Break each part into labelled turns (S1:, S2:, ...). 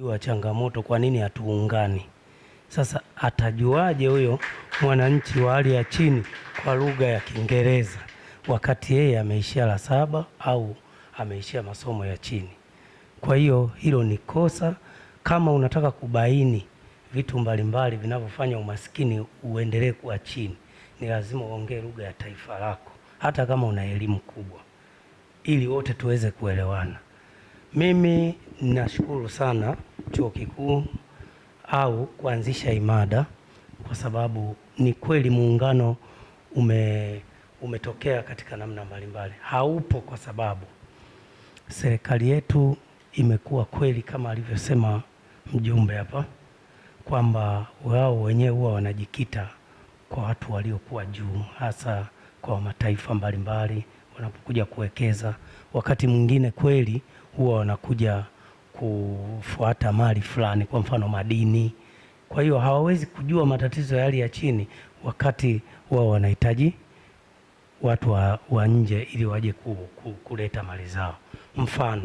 S1: jua changamoto, kwa nini hatuungani? Sasa atajuaje huyo mwananchi wa hali ya chini kwa lugha ya Kiingereza wakati yeye ameishia la saba au ameishia masomo ya chini? Kwa hiyo hilo ni kosa. Kama unataka kubaini vitu mbalimbali vinavyofanya umaskini uendelee kuwa chini, ni lazima uongee lugha ya taifa lako, hata kama una elimu kubwa, ili wote tuweze kuelewana. Mimi nashukuru sana chuo kikuu au kuanzisha imada kwa sababu ni kweli muungano ume, umetokea katika namna mbalimbali. Haupo kwa sababu serikali yetu imekuwa kweli kama alivyosema mjumbe hapa kwamba wao wenyewe huwa wanajikita kwa watu waliokuwa juu, hasa kwa mataifa mbalimbali wanapokuja kuwekeza, wakati mwingine kweli huwa wanakuja kufuata mali fulani, kwa mfano madini. Kwa hiyo hawawezi kujua matatizo ya hali ya chini, wakati wao wanahitaji watu wa, wa nje ili waje ku, ku, kuleta mali zao. Mfano,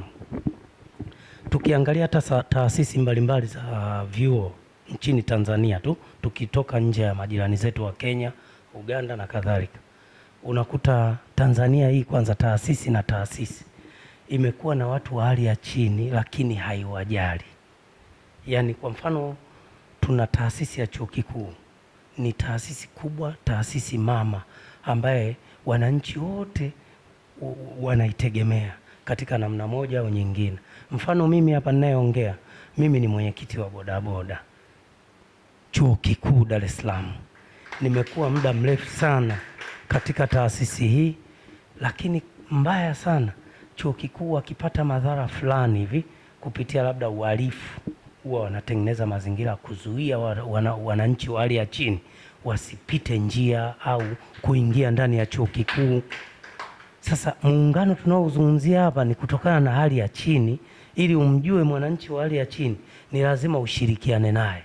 S1: tukiangalia hata taasisi mbalimbali za vyuo nchini Tanzania tu tukitoka nje ya majirani zetu wa Kenya, Uganda na kadhalika, unakuta Tanzania hii kwanza taasisi na taasisi imekuwa na watu wa hali ya chini, lakini haiwajali. Yaani kwa mfano tuna taasisi ya chuo kikuu, ni taasisi kubwa, taasisi mama ambaye wananchi wote wanaitegemea katika namna moja au nyingine. Mfano mimi hapa ninayeongea, mimi ni mwenyekiti wa bodaboda chuo kikuu Dar es Salaam. Nimekuwa muda mrefu sana katika taasisi hii, lakini mbaya sana chuo kikuu akipata madhara fulani hivi kupitia labda uhalifu, huwa wanatengeneza mazingira ya kuzuia wananchi wa hali ya chini wasipite njia au kuingia ndani ya chuo kikuu. Sasa muungano tunaozungumzia hapa ni kutokana na hali ya chini. Ili umjue mwananchi wa hali ya chini, ni lazima ushirikiane naye.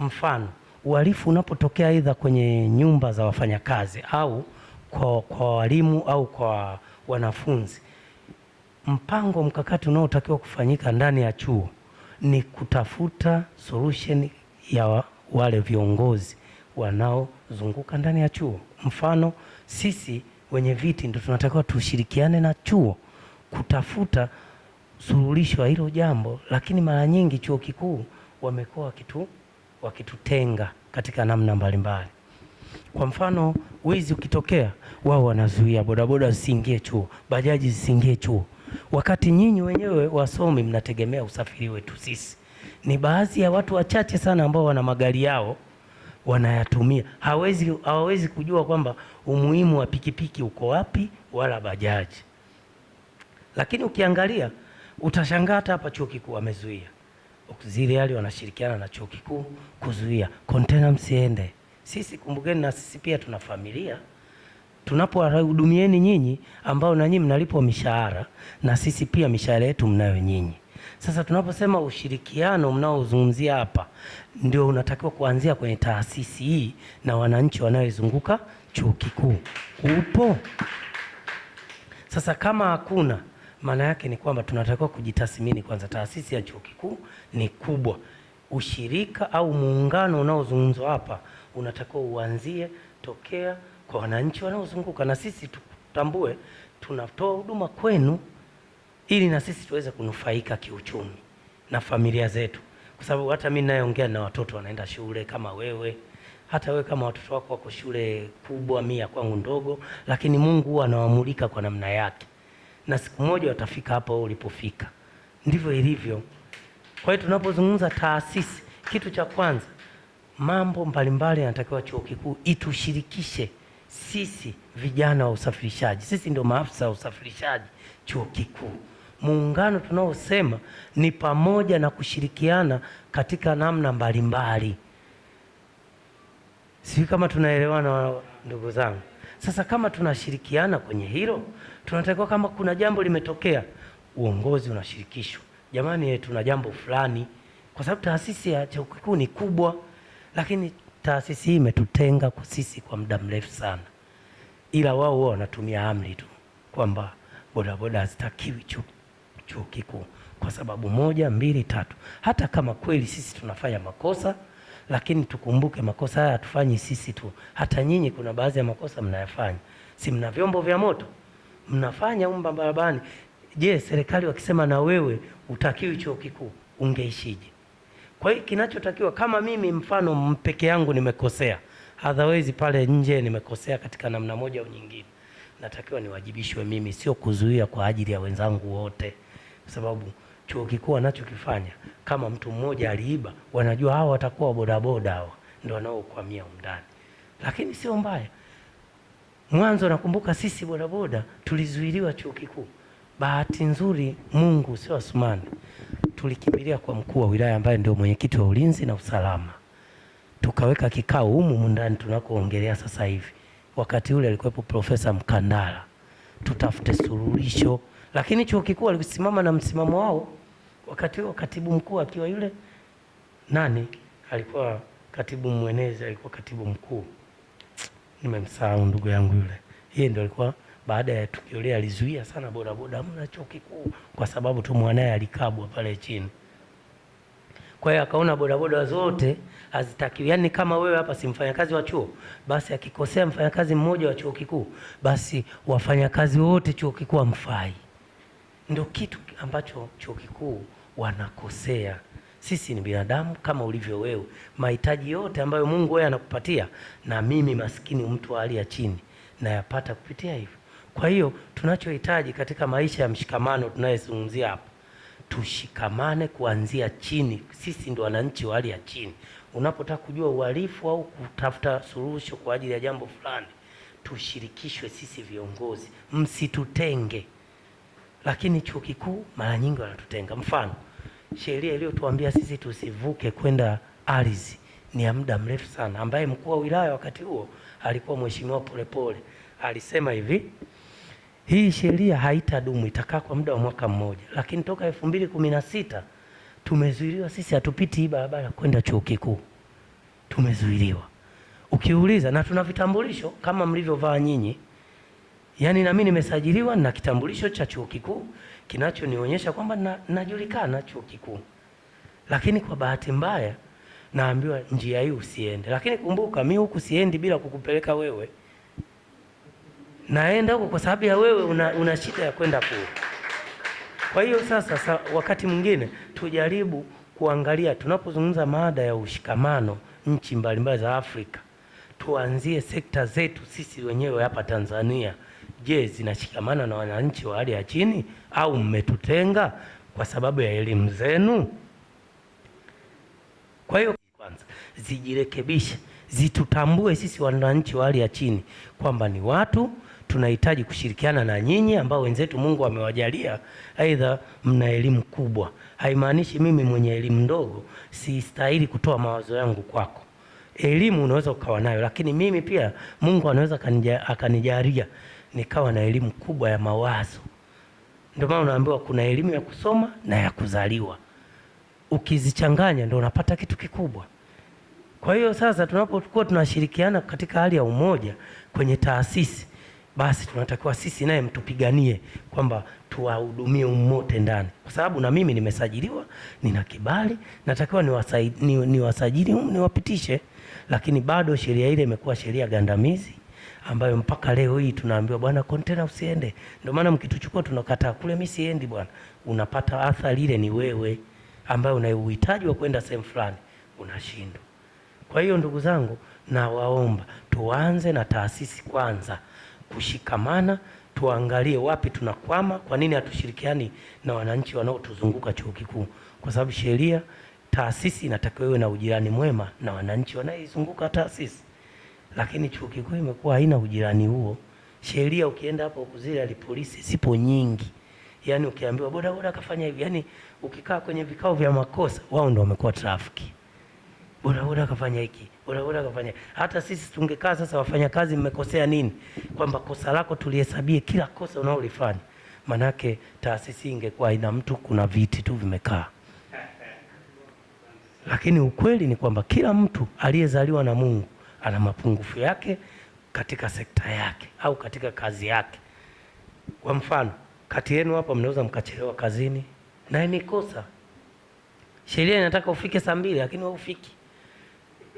S1: Mfano, uhalifu unapotokea aidha kwenye nyumba za wafanyakazi au kwa, kwa walimu au kwa wanafunzi, mpango mkakati unaotakiwa kufanyika ndani ya chuo ni kutafuta solution ya wale viongozi wanaozunguka ndani ya chuo. Mfano, sisi wenye viti ndio tunatakiwa tushirikiane na chuo kutafuta suluhisho ya hilo jambo, lakini mara nyingi chuo kikuu wamekuwa wakitu wakitutenga katika namna mbalimbali. Kwa mfano, wizi ukitokea, wao wanazuia bodaboda zisiingie chuo, bajaji zisiingie chuo wakati nyinyi wenyewe wasomi mnategemea usafiri wetu sisi. Ni baadhi ya watu wachache sana ambao wana magari yao wanayatumia, hawezi hawawezi kujua kwamba umuhimu wa pikipiki uko wapi, wala bajaji. Lakini ukiangalia utashangaa hata hapa chuo kikuu wamezuia hali, wanashirikiana na chuo kikuu kuzuia kontena msiende. Sisi kumbukeni, na sisi pia tuna familia tunapowahudumieni nyinyi ambao na nyinyi mnalipwa mishahara na sisi pia mishahara yetu mnayo nyinyi. Sasa tunaposema ushirikiano mnaozungumzia hapa, ndio unatakiwa kuanzia kwenye taasisi hii na wananchi wanaoizunguka chuo kikuu. Upo sasa, kama hakuna maana yake ni kwamba tunatakiwa kujitathmini kwanza. Taasisi ya chuo kikuu ni kubwa, ushirika au muungano unaozungumzwa hapa unatakiwa uanzie tokea kwa wananchi wanaozunguka, na sisi tutambue tunatoa huduma kwenu, ili na sisi tuweze kunufaika kiuchumi na familia zetu, kwa sababu hata mimi ninayeongea na watoto wanaenda shule kama wewe hata wewe kama watoto wako wako shule kubwa, mimi ya kwangu ndogo, lakini Mungu huwa anawamulika kwa namna yake, na siku moja watafika hapo ulipofika. Ndivyo ilivyo. Kwa hiyo tunapozungumza taasisi, kitu cha kwanza mambo mbalimbali yanatakiwa chuo kikuu itushirikishe sisi vijana wa usafirishaji. Sisi ndio maafisa wa usafirishaji chuo kikuu. Muungano tunaosema ni pamoja na kushirikiana katika namna mbalimbali. Sijui kama tunaelewana ndugu zangu. Sasa kama tunashirikiana kwenye hilo, tunatakiwa kama kuna jambo limetokea, uongozi unashirikishwa, jamani, eh, tuna jambo fulani, kwa sababu taasisi ya chuo kikuu ni kubwa lakini taasisi hii imetutenga kwa sisi kwa muda mrefu sana, ila wao wao wanatumia amri tu kwamba bodaboda hazitakiwi chuo, kikuu kwa sababu moja mbili tatu. Hata kama kweli sisi tunafanya makosa, lakini tukumbuke makosa haya hatufanyi sisi tu, hata nyinyi kuna baadhi ya makosa mnayafanya, si mna vyombo vya moto mnafanya umba barabani? Je, serikali wakisema na wewe utakiwi chuo kikuu, ungeishije? Kwa hiyo kinachotakiwa kama mimi mfano peke yangu nimekosea, hadhawezi pale nje nimekosea katika namna moja au nyingine, natakiwa niwajibishwe mimi, sio kuzuia kwa ajili ya wenzangu wote, kwa sababu chuo kikuu anachokifanya kama mtu mmoja aliiba, wanajua hawa watakuwa bodaboda, hawa ndio wanaokwamia umndani, lakini sio mbaya. Mwanzo nakumbuka sisi bodaboda tulizuiliwa chuo kikuu. Bahati nzuri Mungu sio Asumani tulikimbilia kwa mkuu wa wilaya ambaye ndio mwenyekiti wa ulinzi na usalama, tukaweka kikao humu mundani tunakoongelea sasa hivi. Wakati ule alikuwepo Profesa Mkandala, tutafute suluhisho, lakini chuo kikuu alisimama na msimamo wao. Wakati huo katibu mkuu akiwa yule nani alikuwa katibu mwenezi, alikuwa katibu mkuu, nimemsahau ndugu yangu yule, yeye ndio alikuwa baada ya tukio lile alizuia sana bodaboda, hamna chuo kikuu, kwa sababu tu mwanaye alikabwa pale chini. Kwa hiyo akaona bodaboda zote hazitakiwi. Yaani, kama wewe hapa si mfanyakazi wa chuo, basi akikosea mfanyakazi mmoja wa chuo kikuu, basi wafanyakazi wote chuo kikuu amfai. Ndio kitu ambacho chuo kikuu wanakosea. Sisi ni binadamu kama ulivyo wewe, mahitaji yote ambayo Mungu wewe anakupatia na mimi maskini, mtu wa hali ya chini, nayapata kupitia hivyo. Kwa hiyo tunachohitaji katika maisha ya mshikamano tunayezungumzia hapa, tushikamane kuanzia chini. Sisi ndo wananchi wa hali ya chini. Unapotaka kujua uhalifu au kutafuta suluhisho kwa ajili ya jambo fulani, tushirikishwe sisi viongozi, msitutenge. Lakini chuo kikuu mara nyingi wanatutenga. Mfano, sheria iliyotuambia sisi tusivuke kwenda ardhi ni ya muda mrefu sana, ambaye mkuu wa wilaya wakati huo alikuwa mheshimiwa Polepole alisema hivi hii sheria haitadumu, itakaa kwa muda wa mwaka mmoja, lakini toka elfu mbili kumi na sita tumezuiliwa sisi, hatupiti hii barabara kwenda chuo kikuu, tumezuiliwa. Ukiuliza, na tuna vitambulisho kama mlivyovaa nyinyi, yaani nami nimesajiliwa na kitambulisho cha chuo kikuu kinachonionyesha kwamba na, najulikana chuo kikuu, lakini kwa bahati mbaya naambiwa njia hii usiende, lakini kumbuka, mi huku siendi bila kukupeleka wewe naenda huko kwa sababu ya wewe una, una shida ya kwenda kule. Kwa hiyo sasa sa, wakati mwingine tujaribu kuangalia tunapozungumza mada ya ushikamano nchi mbalimbali za Afrika, tuanzie sekta zetu sisi wenyewe hapa Tanzania. Je, zinashikamana na wananchi wa hali ya chini au mmetutenga kwa sababu ya elimu zenu? Kwa hiyo kwanza zijirekebishe, zitutambue sisi wananchi wa hali ya chini kwamba ni watu tunahitaji kushirikiana na nyinyi ambao wenzetu Mungu amewajalia, aidha mna elimu kubwa. Haimaanishi mimi mwenye elimu ndogo sistahili kutoa mawazo yangu kwako. Elimu unaweza ukawa nayo, lakini mimi pia Mungu anaweza akanijalia nikawa na elimu kubwa ya mawazo. Ndio maana unaambiwa kuna elimu ya kusoma na ya kuzaliwa, ukizichanganya ndio unapata kitu kikubwa. Kwa hiyo sasa tunapokuwa tunashirikiana katika hali ya umoja kwenye taasisi basi tunatakiwa sisi naye mtupiganie kwamba tuwahudumie umote ndani, kwa sababu na mimi nimesajiliwa, nina kibali, natakiwa niwasajili, niwapitishe, lakini bado sheria ile imekuwa sheria gandamizi ambayo mpaka leo hii tunaambiwa bwana, kontena usiende. Ndio maana mkituchukua tunakataa kule, mimi siendi bwana. Unapata athari ile ni wewe ambayo una uhitaji wa kwenda sehemu fulani unashindwa. Kwa hiyo ndugu zangu, nawaomba tuanze na taasisi kwanza kushikamana, tuangalie wapi tunakwama, kwa nini hatushirikiani na wananchi wanaotuzunguka chuo kikuu, kwa sababu sheria, taasisi inatakiwa iwe na ujirani mwema na wananchi wanaoizunguka taasisi, lakini chuo kikuu imekuwa haina ujirani huo. Sheria ukienda hapo kuzile polisi zipo nyingi, yani ukiambiwa bodaboda akafanya hivi, yani ukikaa kwenye vikao vya makosa, wao ndio wamekuwa trafiki bodaboda akafanya hiki, bodaboda akafanya. Hata sisi tungekaa sasa, wafanya kazi, mmekosea nini, kwamba kosa lako tulihesabie kila kosa unaolifanya, manake taasisi ingekuwa ina mtu, kuna viti tu vimekaa. Lakini ukweli ni kwamba kila mtu aliyezaliwa na Mungu ana mapungufu yake katika sekta yake au katika kazi yake. Kwa mfano, kati yenu hapa mnaweza mkachelewa kazini na ni kosa. Sheria inataka ufike saa mbili lakini wewe ufiki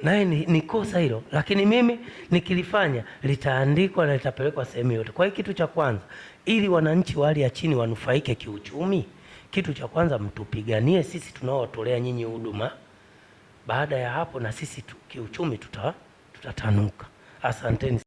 S1: naye ni, ni kosa hilo, lakini mimi nikilifanya litaandikwa na litapelekwa sehemu yote. Kwa hiyo kitu cha kwanza, ili wananchi wa hali ya chini wanufaike kiuchumi, kitu cha kwanza mtupiganie sisi tunaowatolea nyinyi huduma. Baada ya hapo na sisi tu, kiuchumi tuta, tutatanuka. Asanteni.